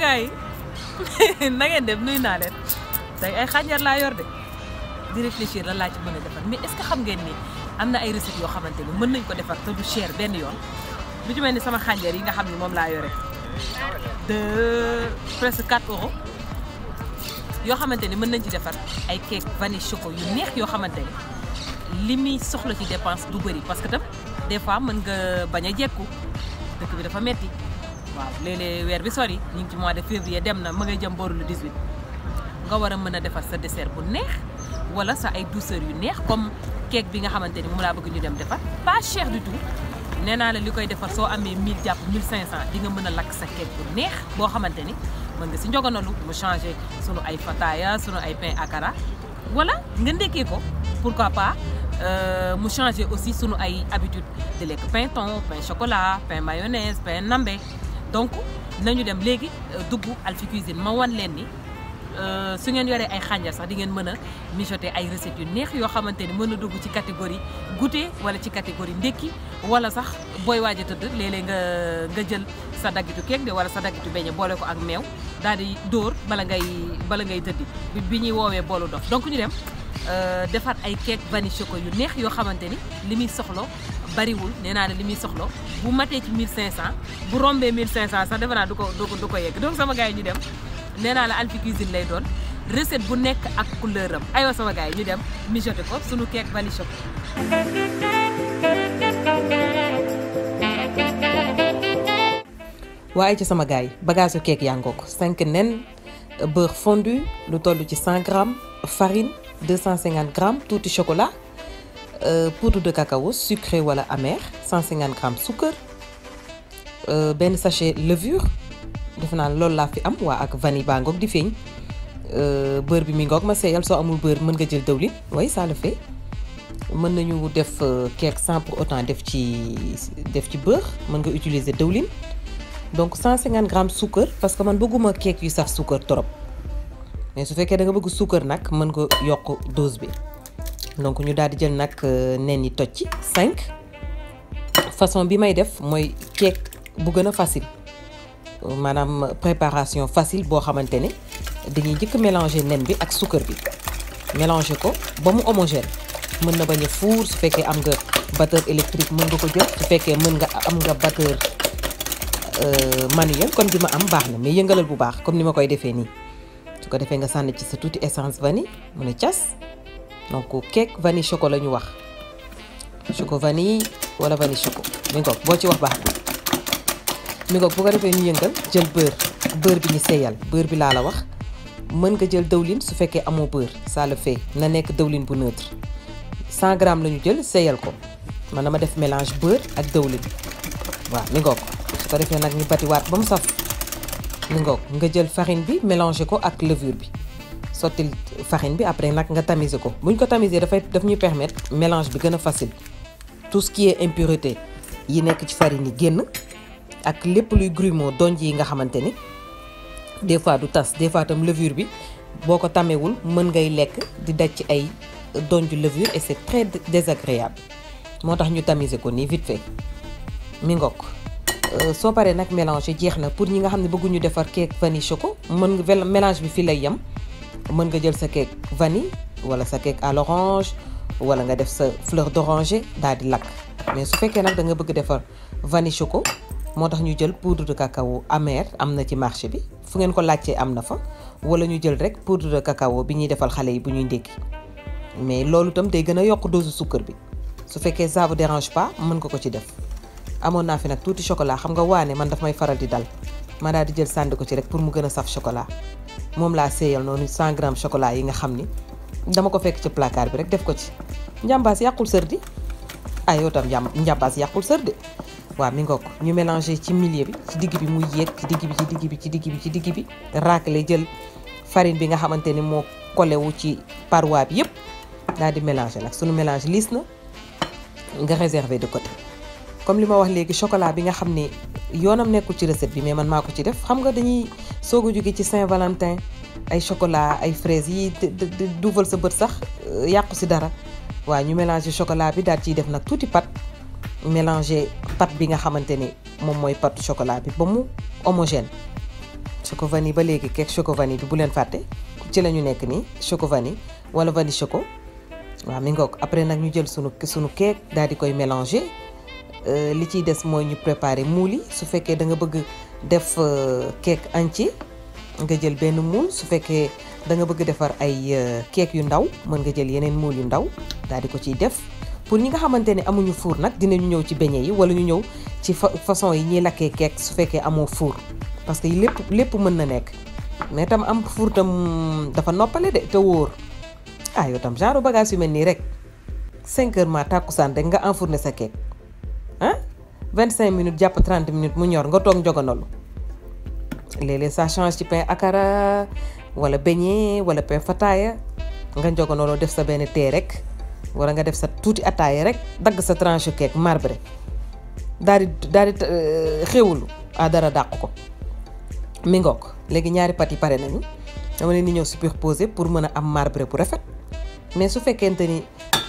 gars yi na ngeen def nuyu naa leen tey ay xàjjar laa yor de di réfléchir la laa ci mën a defar mais est-ce que xam ngeen nii am na ay recettes yoo xamante ni mën nañ ko defar te du cher benn yoon lu ci mel ni sama xàjjar yi nga xam ni moom laa yore de yoo xamante ni mën nañ ci defar ay cake vanille ko yu neex yoo xamante ni li muy soxla ci dépense du bëri parce que tam des fois mën nga bañ a jekku dëkk bi dafa metti waaw léeg-léeg weer bi sori ñu ngi ci mois de février dem na ma ngay jëm booru le 18 nga war a mën a defar sa dessert bu neex wala sa ay douceur yu neex comme cake bi nga xamante ni mu laa bëgg ñu dem defar pas cher du tout nee naa la li koy defar soo amee mille jàpp 1500 di nga mën a lakk sa cake bu neex boo xamante ni mën nga si njoganalu mu changé sunu ay fataya sunu ay pain akara wala nga ndekkee ko pourquoi pas euh, mu changé aussi sunu ay habitude di lekk pain thon pain chocolat pain mayonnaise donc nañu dem léegi euh, dugg Alphie Cuisine ma wan leen ni euh, su ngeen yore ay xànjar sax di ngeen mën a mijoter ay recettes yu neex yoo xamante ni mën a dugg ci catégorie goûter wala ci catégorie ndékki wala sax booy waaja tëdd léeg-léeg nga nga jël sa daggitu keek de wala sa daggitu beñe boole ko ak meew daal di dóor bala ngay bala ngay tëddi bi ñuy woowee boolu dof donc ñu dem Euh, defar ay keek vanille choco yu neex yoo xamante ni li muy soxla bariwul nee naa ne li muy soxla bu matee ci 1500 bu rombee 1500 sax defe naa du ko du ko du ko yegg donc sama gars yi ñu dem nee naa la Alphie Cuisine lay doon recette bu nekk ak couleur am aywa sama gars yi ñu dem mijoté ko sunu keek vanille choco. waaye ci sama gaay yi bagage su keek yaa ngi ko nen. beurre fondu lu toll ci 100 grammes farine 250 grammes tuuti chocolat euh, poudre de cacao sucré wala amer 150 grammes sucre euh, benn sachet levure def naa loolu laa fi am waa ak vanille baa ngoog di feeñ euh, bër bi mi ngoog ma seeyal soo amul beurre mën nga jël dëwlin way ça le mën nañu def keek sans pour autant def ci def ci beurre mën nga utiliser dëwlin donc 150 grammes suukar parce que man bëgguma keek yi sax suukar trop su fekkee da nga bëgg suukar nag mën ko yokk dose bi donc ñu daal di jël nag euh, nen yi toj ci cinq façon bi may def mooy cake bu gën a facile maanaam préparation facile boo xamante ne dañuy njëkk mélanger nen bi ak suukar bi mélanger ko ba mu homogène mën na bañ a fuur su fekkee am nga batteur électrique mën nga ko jël su fekkee mën nga am nga batteur euh, manuel kon bi ma am baax na mais yëngalal bu baax comme ni ma koy defee nii su ko defee nga sànni ci sa tuuti essence vanille mu ne cas donc kek vanille choco la ñu wax choco vanille wala vanille choco mi ngoog boo ci wax baax mi ngoog bu ko defee ñu yëngal jël beurre beurre bi ñu seyal beurre bi laa la wax mën nga jël dëwlin su fekkee amoo beurre ça le fait na nekk dëwlin bu neutre 100 grammes lañu jël seyal ko man dama def mélange beurre ak dëwlin waaw mi su ko defee nag ñu batiwaat ba mu saf mi ngoog nga jël farine bi mélangé ko ak levure bi sottil farine bi après nag nga tamiser ko buñ ko tamiser dafay daf ñu permettre mélange bi gën a facile tout ce qui impureté yi nekk ci farine yi génn ak lépp luy grumeaux donj yi nga xamante ni des fois du tas des fois tam levure bi boo ko tamewul mën ngay lekk di daj ci ay donju levure et c'est très désagréable moo tax ñu tamiser ko nii vite fait mi Euh, soo paree nag mélange jeex na pour ñi nga xam ne bëgguñu defar cake vanille choco mën nga mélange bi fii lay yem mën nga jël sa cake vanni wala sa cake à l'orange wala nga def sa fleur d'oranger daal di lakk mais su fekkee nag da nga bëgg defar vanille choco moo tax ñu jël poudre de cacao amer am na ci marché bi fu ngeen ko laajtee am na fa wala ñu jël rek pour de cacao bi ñuy defal xale yi bu ñuy ndékki mais loolu itam day gën a yokk dose sukkar bi su fekkee ça dérange pas mën nga ko ci def amoon naa fi nag tuuti chocolat xam nga waane man daf may faral di dal ma daal di jël sànni ko ci rek pour mu gën a saf chocolat moom laa seeyal noonu 100 grammes chocolat yi nga xam ni dama ko fekk ci placard bi rek def ko ci njàmbaas yàqul sër di ay ah, yow tam njàmbaas yàqul sër di ñu mélangé ci milieu bi ci digg bi muy yéeg ci digg bi ci digg bi ci digg bi ci digg bi raakle jël farine bi nga xamante ni moo collé wu ci paroi bi yëpp daal di mélangé nag sunu mélange liis na nga réservé de côté comme li ma wax léegi chocolat bi nga xam ne yoonam nekkul ci recette bi mais man maa ko ci def xam nga dañuy soo a jóge ci Saint-Valentin ay chocolat ay fraises yi duufal sa bët sax euh, yàqu si dara waaw ñu mélanger chocolat bi daal ciy def nag tuuti pat mélanger pat bi nga xamante ni moom mooy patu chocolat bi ba mu homogène. choco vanille ba léegi keek choco vanille bi bu leen fàtte ci la ñu nekk nii choco vanille wala vanille choco waaw mi ngoog après nag ñu jël sunu sunu keek daal di koy mélanger. Euh, li ciy des mooy ñu préparer moule yi su fekkee da nga bëgg def euh, cake entier nga jël benn moule su fekkee da nga bëgg defar ay euh, cake yu ndaw mën nga jël yeneen moule yu ndaw daal di ko ciy def pour ñi nga xamante ne amuñu four nag dinañu ñëw ci beñe yi wala ñu ñëw ci façon yi ñuy lakkee cake su fekkee amoo fuur parce que lépp lépp mën na nekk mais tam am four tam dafa noppale de te wóor ah tam genre bagage yu mel nii rek 5 heures ma tàkkusaan rek nga enfourné sa cake vingt cinq minutes jàpp 30 minutes mu ñor nga toog njoganalu léeg-léeg ça change ci pain akara wala beignet wala pain fataaya nga njoganalu def sa benn tee rek wala nga def sa tuuti ataaya rek dagg sa tranche keek marbre daal di daal di euh, xéwulu a ah, dara dàq ko mi ngoog léegi ñaari pat yi pare nañu dama leen di ñëw superposer pour mën a am marbre bu rafet mais su fekkente ni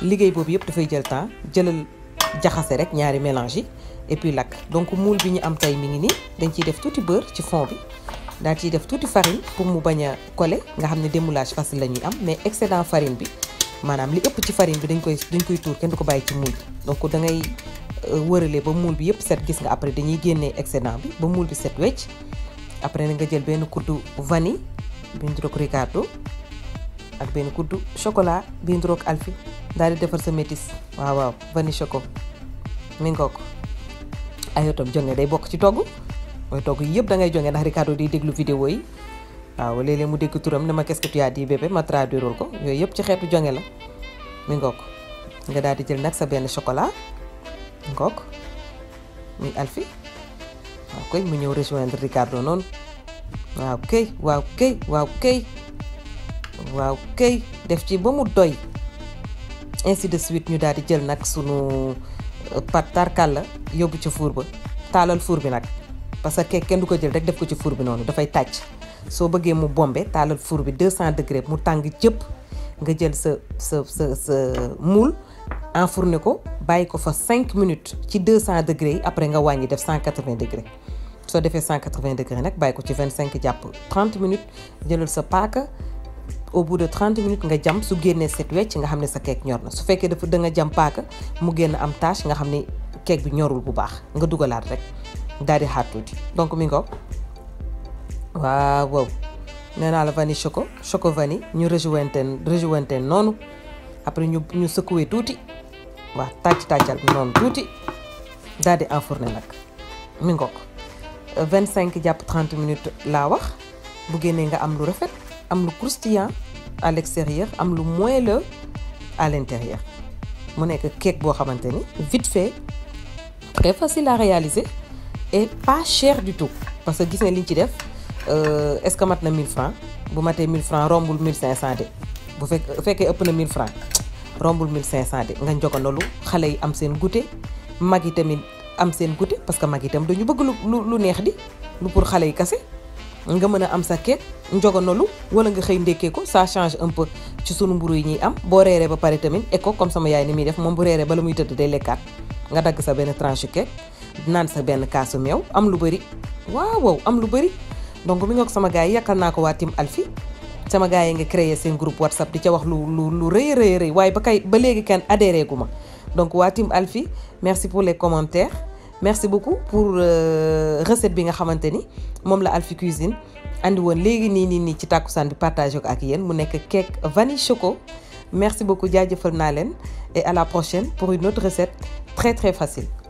liggéey boobu yëpp dafay jël temps jëlal jaxase rek ñaari mélange et puis lakk donc moule bi ñu am tey mi ngi nii dañ ciy def tuuti beurre ci fond bi daal ciy def tuuti farine pour mu bañ a collé nga xam ne démoulage facile la ñuy am mais excédent farine bi maanaam li ëpp ci farine bi dañ koy dañ koy tuur kenn du ko bàyyi ci moule bi donc da ngay euh, wërale ba muul bi yëpp set gis nga après dañuy génnee excédent bi ba moule bi set wecc après na nga jël benn kuddu vanille bi ñu tudd Ricardo ak benn kuddu chocolat bi ñu tudd Alfi daal di defar sa métis waaw waaw vanille choco mi ayotam jonge day bokk ci togg mooy togg yëpp da ngay jonge ndax Ricardo day déglu vidéo yi waaw léeg mu dégg turam ne ma qu'est-ce que tu as dit bébé ko yooyu yëpp ci xeetu jonge la mi ngook nga daal di jël nag sa benn chocolat ngook muy mu ñëw rejoindre Ricardo noonu def ci ba mu doy ainsi de daal di jël nag sunu euh, pat tarkal la yóbbu ca fuur ba taalal fuur bi nag parce que kenn du ko jël rek def ko ci four bi noonu dafay tàcc soo bëggee mu bombe taalal fuur bi deux 200 degré mu tàng jëpp nga jël sa sa sa sa moule enfourné ko bàyyi ko fa 5 minutes ci 200 degré yi après nga wàññi def 180 degré soo defee 180 degré nag bàyyi ko ci 25 jàpp 30 minutes jëlal sa paaka au de 30 minutes nga jam su génnee set wecc nga xam ne sa keek ñor na su fekkee dafa da nga jam paaka mu génn am tache nga xam ni keek bi ñorul bu baax nga dugalaat rek daal di xaar tuuti donc mi ngoog waaw wow nee naa la vanille choco choco vanille ñu rejointeen rejointeen noonu après ñu ñu secouer tuuti waaw tàcc tàccal noonu tuuti daal di enfourner nag mi cinq jàpp trente minutes laa wax bu génnee nga am lu rafet am lu croustillant à l'extérieur am lu moelleux à l'intérieur mu nekk cake boo xamante ni vite fait très facile à réaliser et pas cher du tout parce que gis ne liñ ci def euh, est-ce que mat na 1000 francs bu matee 1000 francs rombul 1500 de bu fekk fekkee ëpp na 1000 francs rombul 1500 de nga njogandolu xale yi am seen goûter mag yi tamit am seen goûter parce que mag yi tam dañu bëgg lu lu neex di lu pour xale yi kase nga mën a am sa keek njoganalu wala nga xëy ndekkee ko ça change un peu ci sunu mburu yi ñuy am boo reeree ba pare tamit eco comme sama yaay ni muy def moom bu reeree ba la muy tëdd day lekkaat nga dagg sa benn tranche cake naan sa benn kaasu meew am lu bëri waaw am lu bëri donc mi nga ko sama gars yi yàkkal naa ko waa team Alphie sama gars yi nga créé seen groupe whatsapp di ca wax lu lu lu rëy rëy waaye ba kay ba léegi kenn adhéré gu ma donc waa team Alphie merci pour les commentaires merci beaucoup pour euh, recette bi nga xamante ni moom la Alphie Cuisine andi woon léegi nii nii nii ci tàkkusaan bi partagé ko ak yéen mu nekk cake vanille choco merci beaucoup jaajëfal naa leen et à la prochaine pour une très très facile